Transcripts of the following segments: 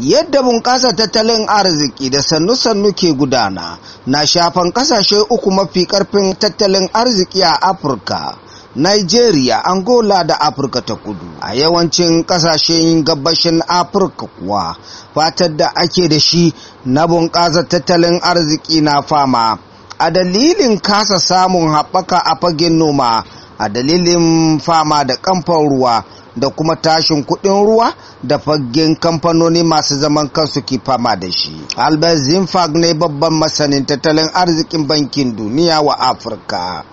yadda bunƙasa tattalin arziki da sannu-sannu ke gudana na shafan ƙasashe uku mafi ƙarfin tattalin arziki a afirka nigeria angola da afirka ta kudu a yawancin ƙasashen gabashin afirka kuwa fatar da ake da shi na bunƙasa tattalin arziki na fama a dalilin kasa samun haɓaka a fagen noma a dalilin fama da kamfan ruwa da kuma tashin kuɗin ruwa da fagen kamfanoni masu zaman kansu ke fama da shi. Albert Zinfag ne babban masanin tattalin arzikin bankin duniya wa Afirka.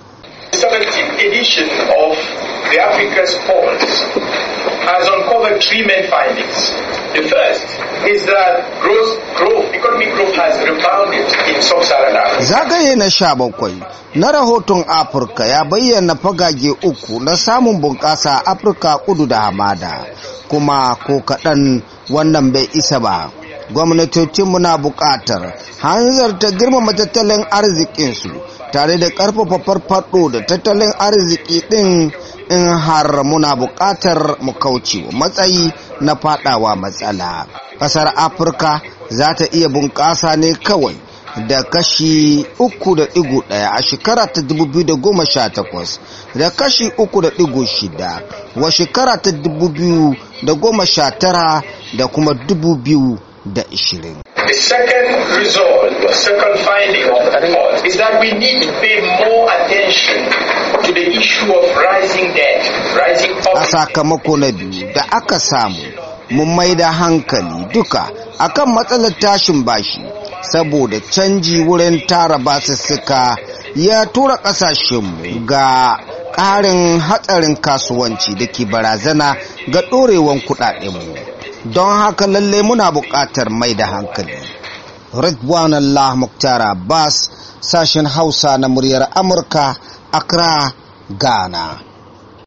edition has uncovered three main findings. The first is that growth, growth, economic growth has rebounded in zagaye na sha bakwai na rahoton afirka ya bayyana fagage uku na samun bunƙasa afirka kudu da hamada kuma ko kaɗan wannan bai isa ba gwamnatocinmu na buƙatar ta girmama tattalin arzikinsu tare da ƙarfafa farfaɗo da tattalin arziki ɗin in har muna buƙatar mu kauce matsayi na faɗawa matsala ƙasar afirka za ta iya bunƙasa ne kawai da kashi uku da 3.1 a shekara ta dubu biyu da goma sha takwas Da kashi uku da shida wa shekara ta dubu biyu da goma sha tara da kuma dubu biyu da ishirin. The second result, the second finding of the report is that we need to pay more attention to the issue of rising debt, rising A sakamako na biyu da aka samu mun maida hankali duka akan matsalar tashin bashi saboda canji wurin tara basussuka ya tura ƙasashenmu ga ƙarin hatsarin kasuwanci da ke barazana ga ɗorewan kuɗaɗenmu don haka lalle muna buƙatar mai da hankali ridwan allah muktar abbas sashen hausa na muryar amurka accra gana.